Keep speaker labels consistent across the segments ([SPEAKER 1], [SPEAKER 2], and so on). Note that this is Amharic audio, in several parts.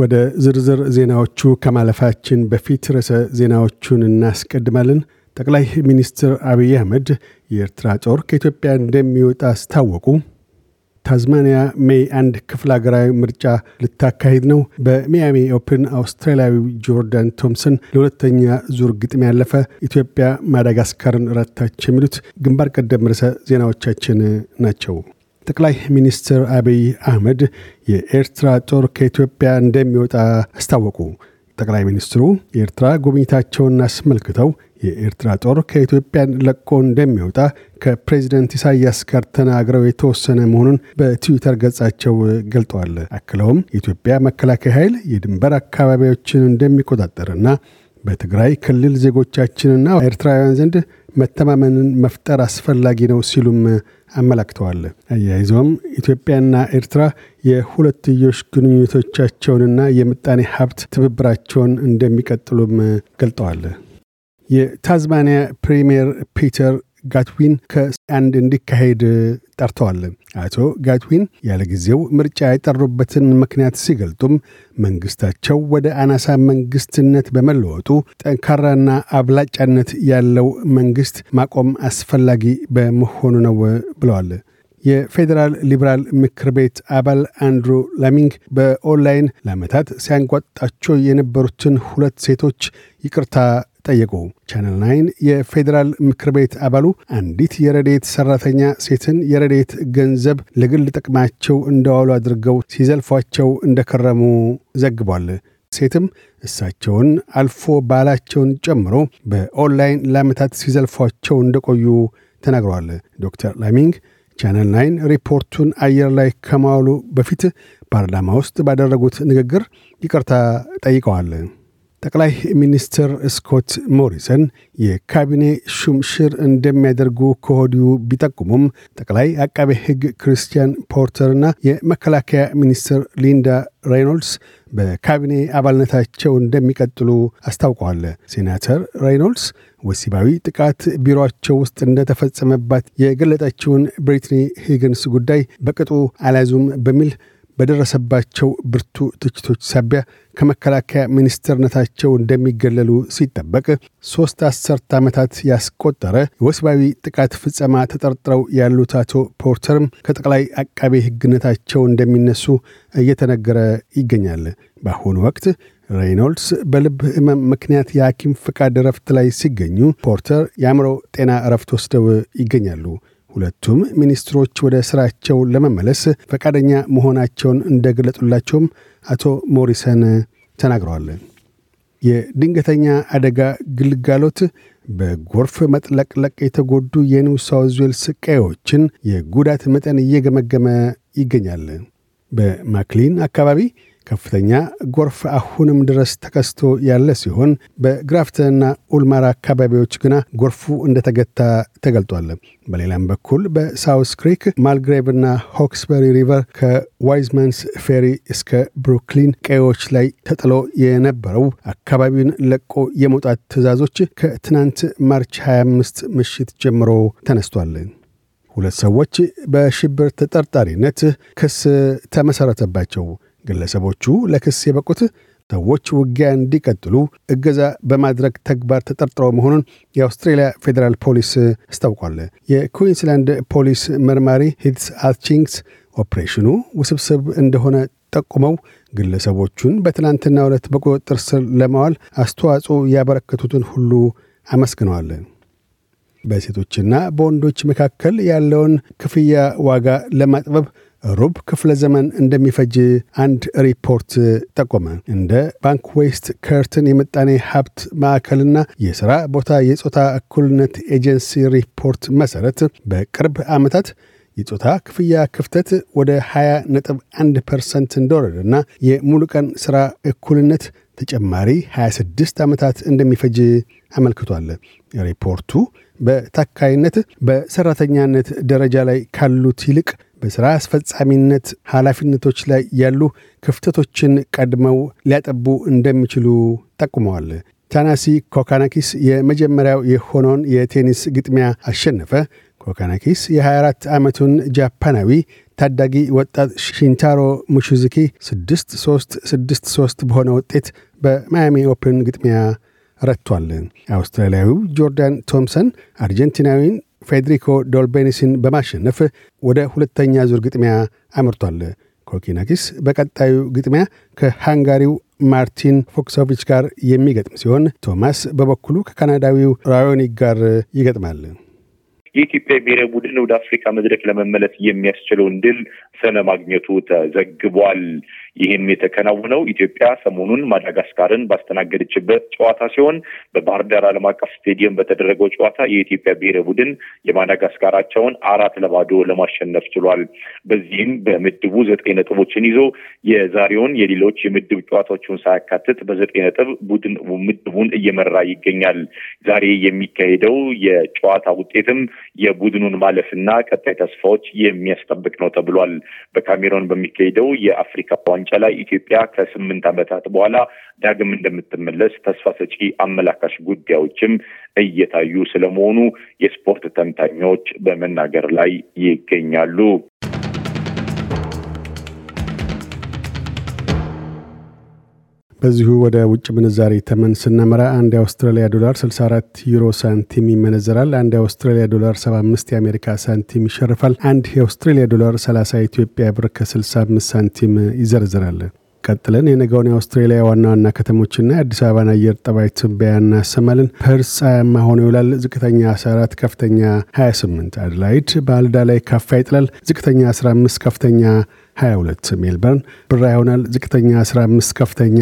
[SPEAKER 1] ወደ ዝርዝር ዜናዎቹ ከማለፋችን በፊት ርዕሰ ዜናዎቹን እናስቀድማለን። ጠቅላይ ሚኒስትር አብይ አህመድ የኤርትራ ጦር ከኢትዮጵያ እንደሚወጣ አስታወቁ። ታዝማኒያ ሜይ አንድ ክፍል ሀገራዊ ምርጫ ልታካሂድ ነው። በሚያሚ ኦፕን አውስትራሊያዊ ጆርዳን ቶምሰን ለሁለተኛ ዙር ግጥም ያለፈ፣ ኢትዮጵያ ማዳጋስካርን ረታች። የሚሉት ግንባር ቀደም ርዕሰ ዜናዎቻችን ናቸው። ጠቅላይ ሚኒስትር አብይ አህመድ የኤርትራ ጦር ከኢትዮጵያ እንደሚወጣ አስታወቁ። ጠቅላይ ሚኒስትሩ የኤርትራ ጉብኝታቸውን አስመልክተው የኤርትራ ጦር ከኢትዮጵያን ለቆ እንደሚወጣ ከፕሬዚደንት ኢሳያስ ጋር ተናግረው የተወሰነ መሆኑን በትዊተር ገጻቸው ገልጠዋል። አክለውም የኢትዮጵያ መከላከያ ኃይል የድንበር አካባቢዎችን እንደሚቆጣጠርና በትግራይ ክልል ዜጎቻችንና ኤርትራውያን ዘንድ መተማመንን መፍጠር አስፈላጊ ነው ሲሉም አመላክተዋል። አያይዞም ኢትዮጵያና ኤርትራ የሁለትዮሽ ግንኙነቶቻቸውንና የምጣኔ ሀብት ትብብራቸውን እንደሚቀጥሉም ገልጠዋል። የታዝማኒያ ፕሪምየር ፒተር ጋትዊን ከአንድ እንዲካሄድ ጠርተዋል። አቶ ጋትዊን ያለ ጊዜው ምርጫ የጠሩበትን ምክንያት ሲገልጡም መንግስታቸው ወደ አናሳ መንግስትነት በመለወጡ ጠንካራና አብላጫነት ያለው መንግስት ማቆም አስፈላጊ በመሆኑ ነው ብለዋል። የፌዴራል ሊበራል ምክር ቤት አባል አንድሩ ላሚንግ በኦንላይን ለዓመታት ሲያንጓጣቸው የነበሩትን ሁለት ሴቶች ይቅርታ ጠየቁ። ቻናል ናይን የፌዴራል ምክር ቤት አባሉ አንዲት የረዴት ሰራተኛ ሴትን የረዴት ገንዘብ ለግል ጥቅማቸው እንደዋሉ አድርገው ሲዘልፏቸው እንደከረሙ ዘግቧል። ሴትም እሳቸውን አልፎ ባላቸውን ጨምሮ በኦንላይን ለዓመታት ሲዘልፏቸው እንደቆዩ ተናግረዋል። ዶክተር ላሚንግ ቻናል ናይን ሪፖርቱን አየር ላይ ከማዋሉ በፊት ፓርላማ ውስጥ ባደረጉት ንግግር ይቅርታ ጠይቀዋል። ጠቅላይ ሚኒስትር ስኮት ሞሪሰን የካቢኔ ሹምሽር እንደሚያደርጉ ከወዲሁ ቢጠቁሙም ጠቅላይ አቃቤ ሕግ ክርስቲያን ፖርተርና የመከላከያ ሚኒስትር ሊንዳ ሬይኖልድስ በካቢኔ አባልነታቸው እንደሚቀጥሉ አስታውቀዋል። ሴናተር ሬይኖልድስ ወሲባዊ ጥቃት ቢሮቸው ውስጥ እንደተፈጸመባት የገለጠችውን ብሪትኒ ሂግንስ ጉዳይ በቅጡ አልያዙም በሚል በደረሰባቸው ብርቱ ትችቶች ሳቢያ ከመከላከያ ሚኒስትርነታቸው እንደሚገለሉ ሲጠበቅ ሦስት አሠርት ዓመታት ያስቆጠረ ወስባዊ ጥቃት ፍጸማ ተጠርጥረው ያሉት አቶ ፖርተርም ከጠቅላይ አቃቤ ሕግነታቸው እንደሚነሱ እየተነገረ ይገኛል። በአሁኑ ወቅት ሬይኖልድስ በልብ ህመም ምክንያት የሐኪም ፍቃድ እረፍት ላይ ሲገኙ፣ ፖርተር የአእምሮ ጤና እረፍት ወስደው ይገኛሉ። ሁለቱም ሚኒስትሮች ወደ ስራቸው ለመመለስ ፈቃደኛ መሆናቸውን እንደገለጡላቸውም አቶ ሞሪሰን ተናግረዋል። የድንገተኛ አደጋ ግልጋሎት በጎርፍ መጥለቅለቅ የተጎዱ የኒው ሳውዝ ዌልስ ቀዬዎችን የጉዳት መጠን እየገመገመ ይገኛል። በማክሊን አካባቢ ከፍተኛ ጎርፍ አሁንም ድረስ ተከስቶ ያለ ሲሆን በግራፍተንና ኡልማራ አካባቢዎች ግና ጎርፉ እንደተገታ ተገልጧል። በሌላም በኩል በሳውስ ክሪክ ና ሆክስበሪ ሪቨር ከዋይዝማንስ ፌሪ እስከ ብሩክሊን ቀዮች ላይ ተጥሎ የነበረው አካባቢውን ለቆ የመውጣት ትእዛዞች ከትናንት ማርች 25 ምሽት ጀምሮ ተነስቷል። ሁለት ሰዎች በሽብር ተጠርጣሪነት ክስ ተመሠረተባቸው። ግለሰቦቹ ለክስ የበቁት ሰዎች ውጊያ እንዲቀጥሉ እገዛ በማድረግ ተግባር ተጠርጥረው መሆኑን የአውስትሬልያ ፌዴራል ፖሊስ አስታውቋል። የኩዊንስላንድ ፖሊስ መርማሪ ሂትስ አትቺንግስ ኦፕሬሽኑ ውስብስብ እንደሆነ ጠቁመው ግለሰቦቹን በትናንትና ዕለት በቁጥጥር ስር ለማዋል አስተዋጽኦ ያበረከቱትን ሁሉ አመስግነዋል። በሴቶችና በወንዶች መካከል ያለውን ክፍያ ዋጋ ለማጥበብ ሩብ ክፍለ ዘመን እንደሚፈጅ አንድ ሪፖርት ጠቆመ። እንደ ባንክ ዌስት ከርትን የምጣኔ ሀብት ማዕከልና የሥራ ቦታ የጾታ እኩልነት ኤጀንሲ ሪፖርት መሠረት በቅርብ ዓመታት የጾታ ክፍያ ክፍተት ወደ 20 ነጥብ 1 ፐርሰንት እንደወረደና የሙሉ ቀን ሥራ እኩልነት ተጨማሪ 26 ዓመታት እንደሚፈጅ አመልክቷል። ሪፖርቱ በታካይነት በሰራተኛነት ደረጃ ላይ ካሉት ይልቅ በሥራ አስፈጻሚነት ኃላፊነቶች ላይ ያሉ ክፍተቶችን ቀድመው ሊያጠቡ እንደሚችሉ ጠቁመዋል። ታናሲ ኮካናኪስ የመጀመሪያው የሆነውን የቴኒስ ግጥሚያ አሸነፈ። ኮካናኪስ የ24 ዓመቱን ጃፓናዊ ታዳጊ ወጣት ሺንታሮ ሙሹዝኪ 6 3 6 3 በሆነ ውጤት በማያሚ ኦፕን ግጥሚያ ረድቷል። አውስትራሊያዊው ጆርዳን ቶምሰን አርጀንቲናዊን ፌዴሪኮ ዶልቤኒስን በማሸነፍ ወደ ሁለተኛ ዙር ግጥሚያ አምርቷል። ኮኪናኪስ በቀጣዩ ግጥሚያ ከሃንጋሪው ማርቲን ፎክሶቪች ጋር የሚገጥም ሲሆን ቶማስ በበኩሉ ከካናዳዊው ራዮኒክ ጋር ይገጥማል።
[SPEAKER 2] የኢትዮጵያ ብሔራዊ ቡድን ወደ አፍሪካ መድረክ ለመመለስ የሚያስችለውን ድል ሰነ ማግኘቱ ተዘግቧል። ይህም የተከናወነው ኢትዮጵያ ሰሞኑን ማዳጋስካርን ባስተናገደችበት ጨዋታ ሲሆን በባህር ዳር ዓለም አቀፍ ስቴዲየም በተደረገው ጨዋታ የኢትዮጵያ ብሔራዊ ቡድን የማዳጋስካራቸውን አራት ለባዶ ለማሸነፍ ችሏል። በዚህም በምድቡ ዘጠኝ ነጥቦችን ይዞ የዛሬውን የሌሎች የምድብ ጨዋታዎችን ሳያካትት በዘጠኝ ነጥብ ቡድን ምድቡን እየመራ ይገኛል። ዛሬ የሚካሄደው የጨዋታ ውጤትም የቡድኑን ማለፍና ቀጣይ ተስፋዎች የሚያስጠብቅ ነው ተብሏል። በካሜሮን በሚካሄደው የአፍሪካ ዋንጫ ላይ ኢትዮጵያ ከስምንት ዓመታት በኋላ ዳግም እንደምትመለስ ተስፋ ሰጪ አመላካሽ ጉዳዮችም እየታዩ ስለመሆኑ የስፖርት ተንታኞች በመናገር ላይ ይገኛሉ።
[SPEAKER 1] በዚሁ ወደ ውጭ ምንዛሬ ተመን ስናመራ አንድ የአውስትራሊያ ዶላር 64 ዩሮ ሳንቲም ይመነዘራል። አንድ የአውስትራሊያ ዶላር 75 የአሜሪካ ሳንቲም ይሸርፋል። አንድ የአውስትራሊያ ዶላር 30 ኢትዮጵያ ብር ከ65 ሳንቲም ይዘርዝራል። ቀጥለን የነገውን የአውስትሬሊያ ዋና ዋና ከተሞችና የአዲስ አበባን አየር ጠባይ ትንበያ እናሰማለን። ፐርስ ፀሐያማ ሆኖ ይውላል። ዝቅተኛ 14፣ ከፍተኛ 28። አድላይድ በማለዳ ላይ ካፋ ይጥላል። ዝቅተኛ 15፣ ከፍተኛ 22 ሜልበርን ብራ ይሆናል። ዝቅተኛ 15 ከፍተኛ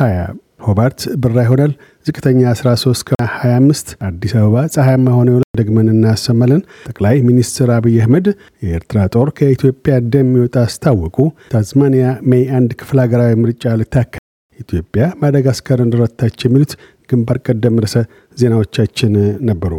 [SPEAKER 1] 20 ሆባርት ብራ ይሆናል። ዝቅተኛ 13 ከ25 አዲስ አበባ ፀሐያማ ሆነ ደግመን እናሰማለን። ጠቅላይ ሚኒስትር አብይ አህመድ የኤርትራ ጦር ከኢትዮጵያ እንደሚወጣ አስታወቁ። ታዝማኒያ ሜይ አንድ ክፍል ሀገራዊ ምርጫ ልታካ ኢትዮጵያ ማዳጋስካርን እንድረታች የሚሉት ግንባር ቀደም ርዕሰ ዜናዎቻችን ነበሩ።